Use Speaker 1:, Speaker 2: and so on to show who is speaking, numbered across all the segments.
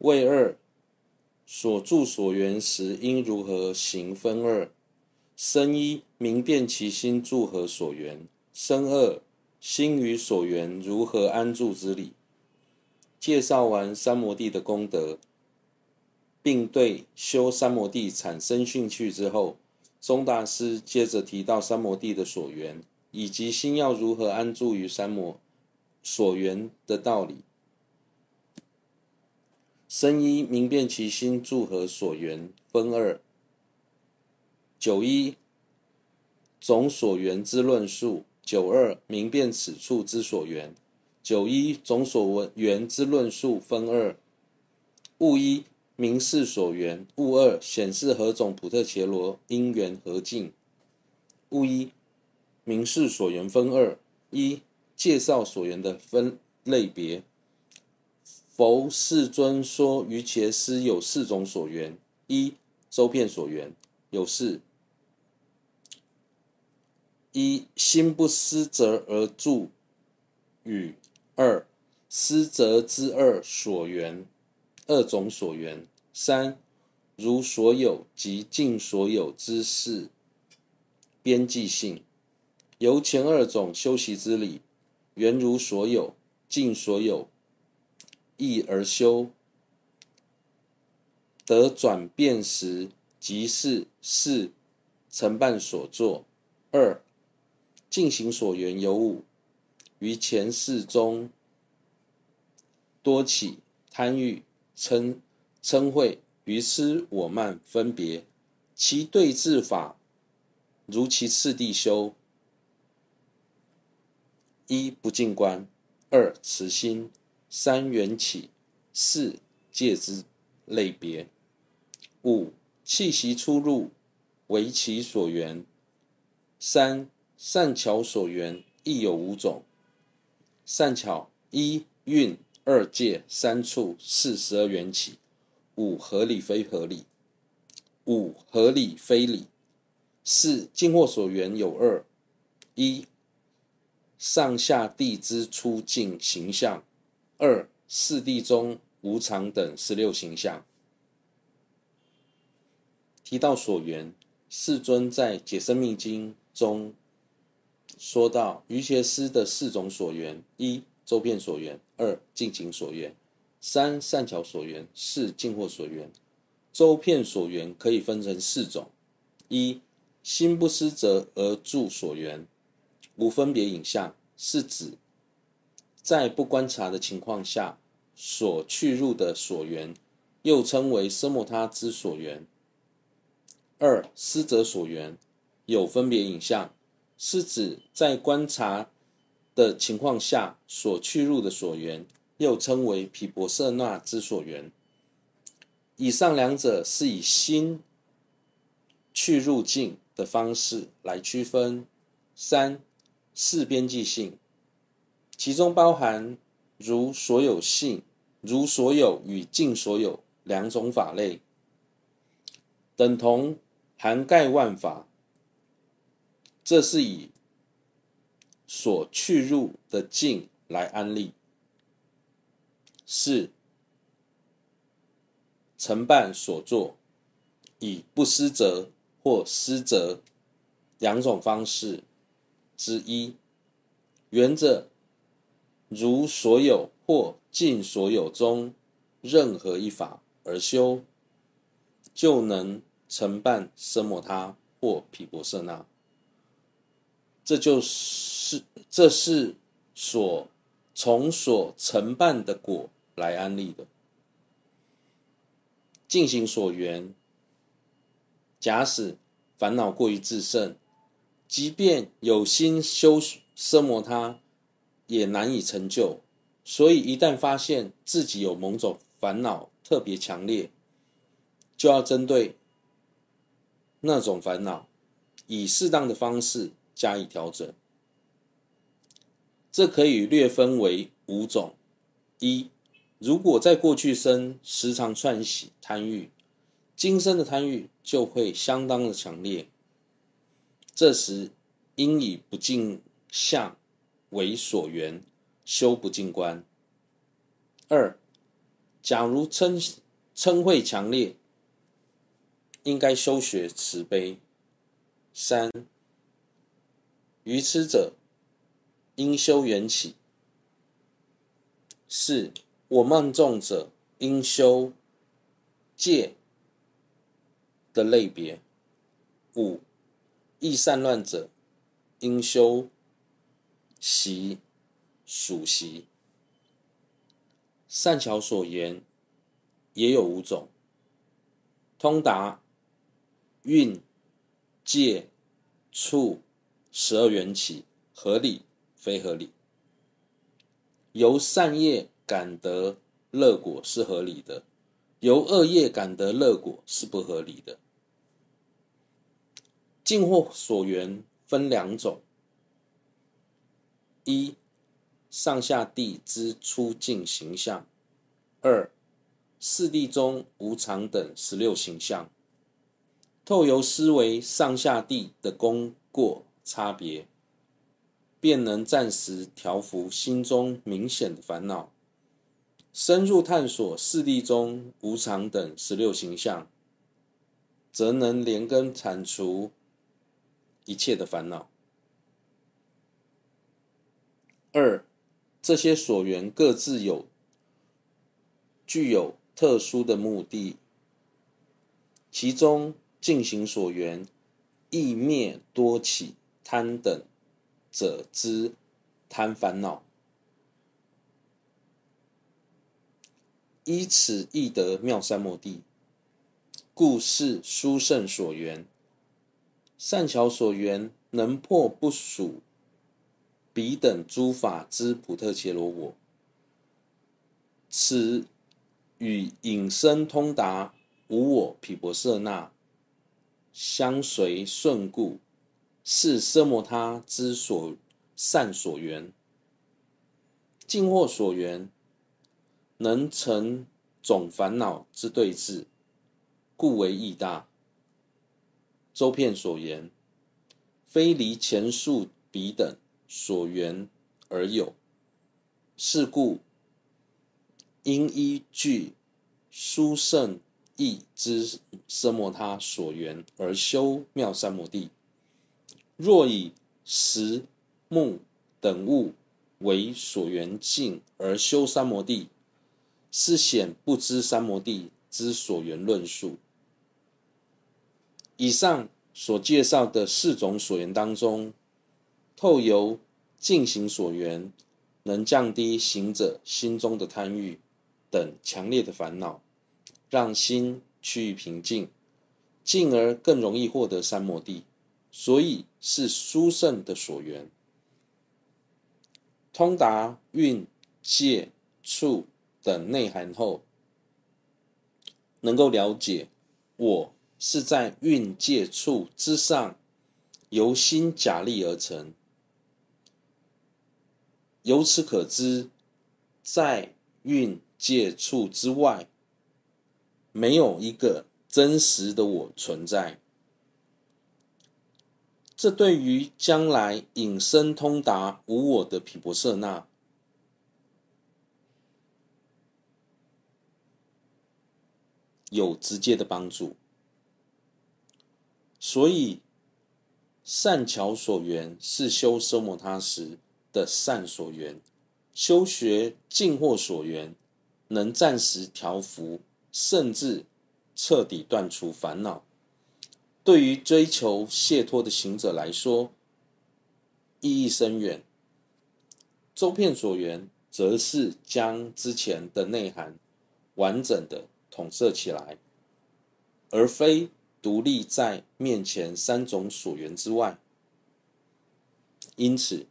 Speaker 1: 未二，所住所緣時，應如何行分二？申一明辨其心住何所緣，申二心於所緣如何安住之理？介紹完三摩地的功德，並對修三摩地產生興趣之後，宗大師接着提到三摩地的所緣，以及心要如何安住於三摩所緣的道理。深一明辨其心注何所緣分二，九一總所緣之論述；九二明辨此處之所緣；九一總所緣之論述分二，物一明示所緣，物二顯示何種補特伽羅因緣何境。物一明示所緣分二一介紹所緣的分類別。佛世尊說：於瑜伽師有四種所緣：一、周遍所緣，有四；一心不思擇而住與二思擇之二所緣，二種所緣；三如所有及盡所有之事，邊際性，由前二種修習之理，緣如所有，盡所有。一而修得轉變時，即是是成辦所作；二淨行所緣有五，於前世中多起貪欲，瞋瞋恚愚癡我慢分別，其對治法如其次第修：一不淨觀，二慈心。三緣起，四界之類別，五氣息出入為其所緣，三善巧所緣亦有五種，善巧一蘊，二界，三處，四十二緣起，五合理非合理，五合理非理，四淨惑所緣有二一上下地之出境形象。二四諦中無常等十六行相。提到所緣，世尊在《解深密經》中說到，瑜伽師的四種所緣：一、周遍所緣；二、淨行所緣；三、善巧所緣；四、淨惑所緣。周遍所緣可以分成四種：一心不思擇而住所緣，無分別影像，是指。在不觀察的情況下所趣入的所緣，又稱為奢摩他之所緣。二師者所緣有分別影像，是指在觀察的情況下所趣入的所緣，又稱為毗婆舍那之所緣。以上兩者是以心趣入境的方式來區分。三、事邊際性。其中包含如所有性、如所有與盡所有兩種法類，等同涵蓋萬法。這是以所去入的盡來安立。是承辦所作，以不失責或失責兩種方式之一，原則。如所有或盡所有中，任何一法而修，就能成辦奢摩他或毗缽舍那。這就是這是所從所成辦的果來安立的。淨行所緣，假使煩惱過於自勝，即便有心修奢摩他。也難以成就，所以一旦發現自己有某種煩惱特別強烈，就要針對那種煩惱，以適當的方式加以調整。這可以略分為五種：一，如果在過去生時常串習貪欲，今生的貪欲就會相當的強烈。這時應以不淨相為所緣，修不淨觀。二，假如瞋瞋恚強烈，應該修學慈悲。三，愚痴者應修緣起。四，我慢重者應修戒的類別。五，易散亂者應修。習屬習善巧所緣也有五種：通達、蘊、界、處，十二緣起，合理非合理。由善業感得樂果是合理的，由惡業感得樂果是不合理的。淨惑所緣分兩種。一、上下地之粗靜行相；二、四諦中無常等十六行相。透由思維上下地的功過差別，便能暫時調伏心中明顯的煩惱；深入探索四諦中無常等十六行相，則能連根鏟除一切的煩惱。二，這些所緣各自有具有特殊的目的，其中淨行所緣，易滅多起貪等者之貪煩惱，依此易得妙三摩地，故是殊勝所緣，善巧所緣能破不屬。彼等諸法之補特伽羅我，此與引生通達無我毗缽舍那，相隨順故，是奢摩他之所善所緣，盡或所緣，能成總煩惱之對治，故為義大。周遍所言，非離前述彼等所緣而有，是故應依據殊勝意之奢摩他所緣而修妙三摩地。若以石木等物為所緣境而修三摩地，是顯不知三摩地之所緣論述。以上所介紹的四種所緣當中。透由淨行所緣，能降低行者心中的貪欲等強烈的煩惱，讓心趨於平靜，進而更容易獲得三摩地，所以是殊勝的所緣。通達蘊界處等內涵後，能夠了解，我是在蘊界處之上，由心假立而成。由此可知，在蘊界處之外，沒有一個真實的我存在。這對於將來引生通達無我的毗缽舍那，有直接的幫助。所以，善巧所緣是修奢摩他時。的善所緣、修學淨惑所緣，能暫時調伏，甚至徹底斷除煩惱，對於追求解脫的行者來說，意義深遠。周遍所緣，則是將之前的內涵完整的統攝起來，而非獨立在面前三種所緣之外。因此，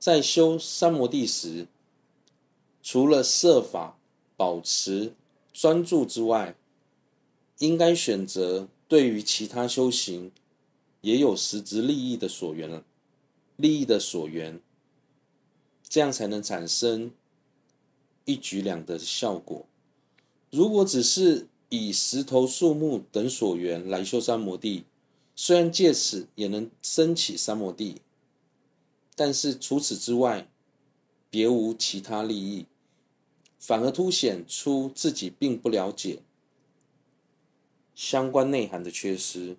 Speaker 1: 在修三摩地時，除了設法保持專注之外，應該選擇對於其他修行也有實質利益的所緣了，利益的所緣，這樣才能產生一舉兩得的效果。如果只是以石頭、樹木等所緣來修三摩地，雖然借此也能生起三摩地。但是除此之外，別無其他利益，反而凸顯出自己並不了解相關內涵的缺失。